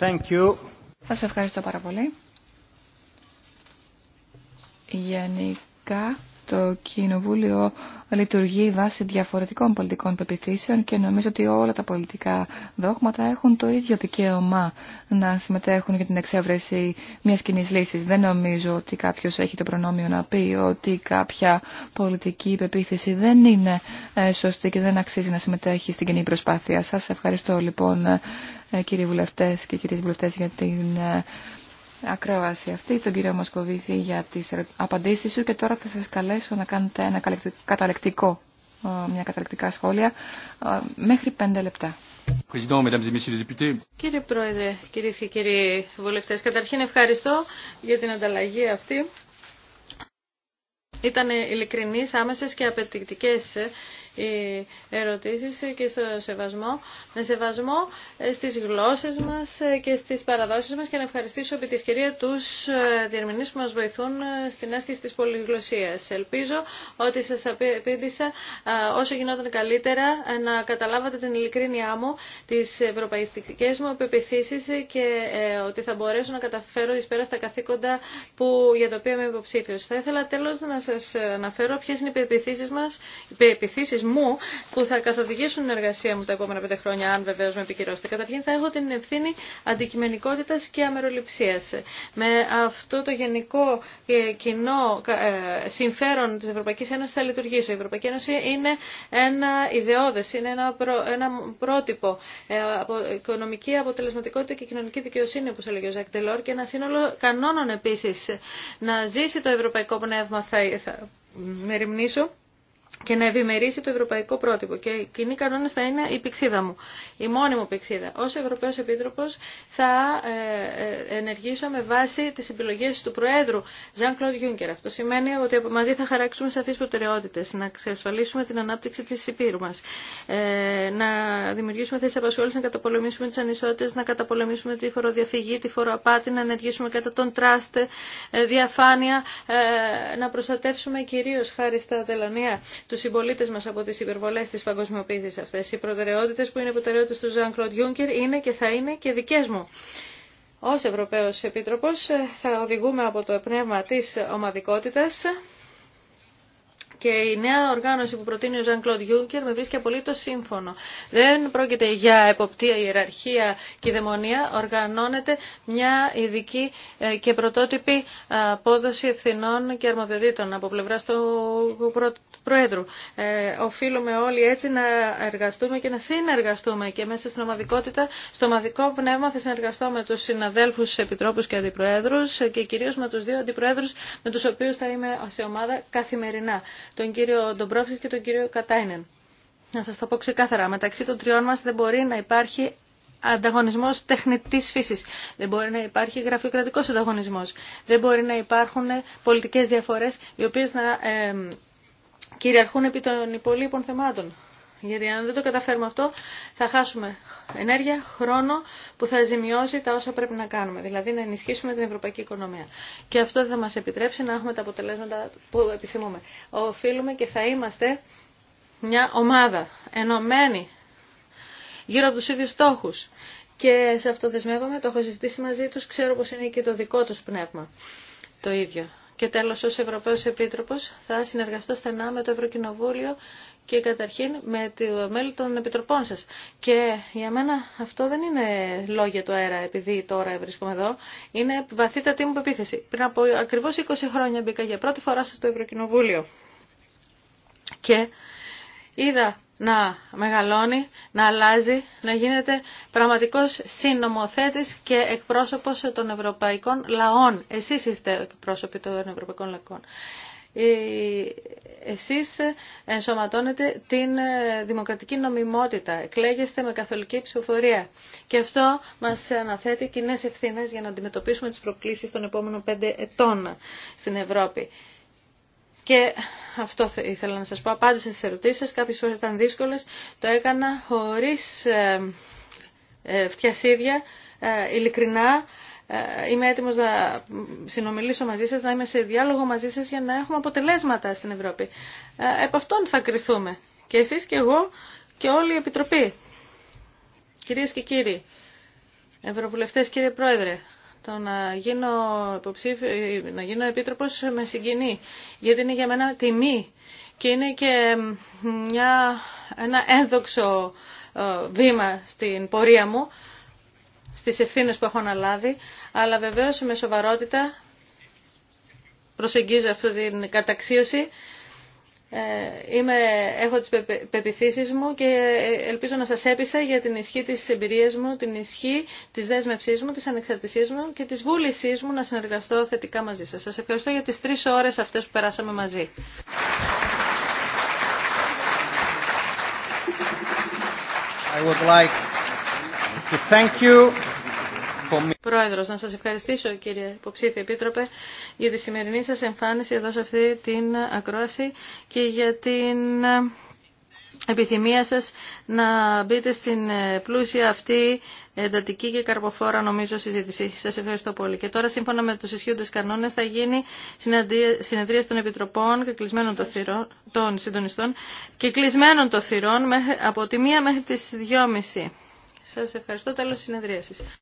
Thank you. Σας ευχαριστώ πάρα πολύ. Γενικά το Κοινοβούλιο λειτουργεί βάσει διαφορετικών πολιτικών πεπιθήσεων και νομίζω ότι όλα τα πολιτικά δόγματα έχουν το ίδιο δικαίωμα να συμμετέχουν για την εξέβρεση μιας κοινή λύσης. Δεν νομίζω ότι κάποιος έχει το προνόμιο να πει ότι κάποια πολιτική πεποίθηση δεν είναι ε, σωστή και δεν αξίζει να συμμετέχει στην κοινή προσπάθεια. Σας ευχαριστώ λοιπόν ε, κύριοι βουλευτές και κυρίες βουλευτές για την ε, ακρόαση αυτή, τον κύριο Μοσκοβίση για τις απαντήσεις σου και τώρα θα σας καλέσω να κάνετε ένα καταλεκτικό, μια καταλεκτικά σχόλια μέχρι πέντε λεπτά. Κύριε Πρόεδρε, κυρίες και κύριοι βουλευτές, καταρχήν ευχαριστώ για την ανταλλαγή αυτή. Ήταν ειλικρινείς, άμεσες και απαιτητικές οι ερωτήσεις και στο σεβασμό, με σεβασμό στις γλώσσες μας και στις παραδόσεις μας και να ευχαριστήσω επί τη ευκαιρία τους διερμηνείς που μας βοηθούν στην άσκηση της πολυγλωσσίας. Ελπίζω ότι σας απήντησα όσο γινόταν καλύτερα να καταλάβατε την ειλικρίνειά μου, τις ευρωπαϊστικές μου επεπιθήσεις και ε, ότι θα μπορέσω να καταφέρω εις πέρα στα καθήκοντα που, για τα οποία είμαι υποψήφιος. Θα ήθελα τέλος να σας αναφέρω ποιες είναι οι επιθύσεις μας, οι επιθύσεις που θα καθοδηγήσουν την εργασία μου τα επόμενα πέντε χρόνια, αν βεβαίω με επικυρώσετε. Καταρχήν θα έχω την ευθύνη αντικειμενικότητα και αμεροληψία. Με αυτό το γενικό ε, κοινό ε, συμφέρον τη Ευρωπαϊκή Ένωση θα λειτουργήσω. Η Ευρωπαϊκή Ένωση είναι ένα ιδεώδε, είναι ένα, προ, ένα πρότυπο. Ε, από, οικονομική αποτελεσματικότητα και κοινωνική δικαιοσύνη, όπω έλεγε ο Ζακ Τελόρ, και ένα σύνολο κανόνων επίση. Να ζήσει το ευρωπαϊκό πνεύμα, θα, θα μεριμνήσω και να ευημερήσει το ευρωπαϊκό πρότυπο. Και οι κοινοί κανόνε θα είναι η πηξίδα μου, η μόνη μου πηξίδα. Ω Ευρωπαίο Επίτροπο θα ε, ε, ενεργήσω με βάση τι επιλογέ του Προέδρου Jean-Claude Juncker. Αυτό σημαίνει ότι μαζί θα χαράξουμε σαφεί προτεραιότητε, να εξασφαλίσουμε την ανάπτυξη τη υπήρου μα, ε, να δημιουργήσουμε θέσει απασχόληση, να καταπολεμήσουμε τι ανισότητε, να καταπολεμήσουμε τη φοροδιαφυγή, τη φοροαπάτη, να ενεργήσουμε κατά τον τραστ, διαφάνεια, να προστατεύσουμε κυρίω χάρη στα Δελανία του συμπολίτε μα από τι υπερβολέ τη παγκοσμιοποίηση αυτέ. Οι προτεραιότητε που είναι προτεραιότητε του Ζαν Κλοντ Γιούγκερ είναι και θα είναι και δικέ μου. Ω Ευρωπαίο Επίτροπο ε, θα οδηγούμε από το πνεύμα τη ομαδικότητα και η νέα οργάνωση που προτείνει ο Ζαν Κλοντ Γιούγκερ με βρίσκει απολύτω σύμφωνο. Δεν πρόκειται για εποπτεία, ιεραρχία και δαιμονία. Οργανώνεται μια ειδική ε, και πρωτότυπη ε, απόδοση ευθυνών και αρμοδιοτήτων από πλευρά του Προέδρου. Ε, οφείλουμε όλοι έτσι να εργαστούμε και να συνεργαστούμε και μέσα στην ομαδικότητα, στο ομαδικό πνεύμα θα συνεργαστώ με τους συναδέλφους επιτρόπους και αντιπροέδρους και κυρίως με τους δύο αντιπροέδρους με τους οποίους θα είμαι σε ομάδα καθημερινά τον κύριο Ντομπρόφσκι και τον κύριο Κατάινεν. Να σας το πω ξεκάθαρα, μεταξύ των τριών μας δεν μπορεί να υπάρχει ανταγωνισμός τεχνητής φύσης. Δεν μπορεί να υπάρχει γραφειοκρατικός ανταγωνισμός. Δεν μπορεί να υπάρχουν πολιτικές διαφορές οι οποίες να ε, κυριαρχούν επί των υπολείπων θεμάτων. Γιατί αν δεν το καταφέρουμε αυτό θα χάσουμε ενέργεια, χρόνο που θα ζημιώσει τα όσα πρέπει να κάνουμε. Δηλαδή να ενισχύσουμε την ευρωπαϊκή οικονομία. Και αυτό θα μας επιτρέψει να έχουμε τα αποτελέσματα που επιθυμούμε. Οφείλουμε και θα είμαστε μια ομάδα ενωμένη γύρω από τους ίδιους στόχους. Και σε αυτό δεσμεύομαι, το έχω συζητήσει μαζί τους, ξέρω πως είναι και το δικό τους πνεύμα το ίδιο. Και τέλος, ως Ευρωπαίος Επίτροπος, θα συνεργαστώ στενά με το Ευρωκοινοβούλιο και καταρχήν με το μέλη των επιτροπών σας. Και για μένα αυτό δεν είναι λόγια του αέρα επειδή τώρα βρίσκομαι εδώ. Είναι βαθύτατη μου πεποίθηση. Πριν από ακριβώς 20 χρόνια μπήκα για πρώτη φορά στο Ευρωκοινοβούλιο. Και είδα να μεγαλώνει, να αλλάζει, να γίνεται πραγματικός συνομοθέτης και εκπρόσωπος των ευρωπαϊκών λαών. Εσείς είστε εκπρόσωποι των ευρωπαϊκών λαών. Εσείς ενσωματώνετε την δημοκρατική νομιμότητα, εκλέγεστε με καθολική ψηφοφορία και αυτό μας αναθέτει κοινέ ευθύνε για να αντιμετωπίσουμε τις προκλήσεις των επόμενων πέντε ετών στην Ευρώπη. Και αυτό ήθελα να σας πω. Απάντησα στις ερωτήσεις σας, κάποιες φορές ήταν δύσκολες. Το έκανα χωρίς ε, ε, φτιασίδια, ε, ειλικρινά. Είμαι έτοιμος να συνομιλήσω μαζί σας, να είμαι σε διάλογο μαζί σας για να έχουμε αποτελέσματα στην Ευρώπη. Επ' αυτόν θα κριθούμε. Και εσείς και εγώ και όλη η Επιτροπή. Κυρίες και κύριοι, Ευρωβουλευτές, κύριε Πρόεδρε, το να γίνω, υποψήφι, να γίνω επίτροπος με συγκινεί, γιατί είναι για μένα τιμή και είναι και μια, ένα ένδοξο ε, βήμα στην πορεία μου, στις ευθύνες που έχω αναλάβει, αλλά βεβαίως με σοβαρότητα προσεγγίζω αυτή την καταξίωση ε, είμαι, έχω τις πεπιθήσεις μου και ε, ελπίζω να σας έπεισα για την ισχύ της εμπειρίας μου, την ισχύ της δέσμευσής μου, της ανεξαρτησίας μου και της βούλησής μου να συνεργαστώ θετικά μαζί σας. Σας ευχαριστώ για τις τρεις ώρες αυτές που περάσαμε μαζί. I would like to thank you. Πρόεδρος, να σας ευχαριστήσω κύριε υποψήφιε επίτροπε για τη σημερινή σας εμφάνιση εδώ σε αυτή την ακρόαση και για την επιθυμία σας να μπείτε στην πλούσια αυτή εντατική και καρποφόρα νομίζω συζήτηση. Σας ευχαριστώ πολύ. Και τώρα σύμφωνα με τους ισχύοντες κανόνες θα γίνει συνεδρία των επιτροπών και κλεισμένων των, θυρών, των συντονιστών και κλεισμένων των θυρών από τη μία μέχρι τις δυόμιση. Σας ευχαριστώ. Τέλος συνεδρίασης.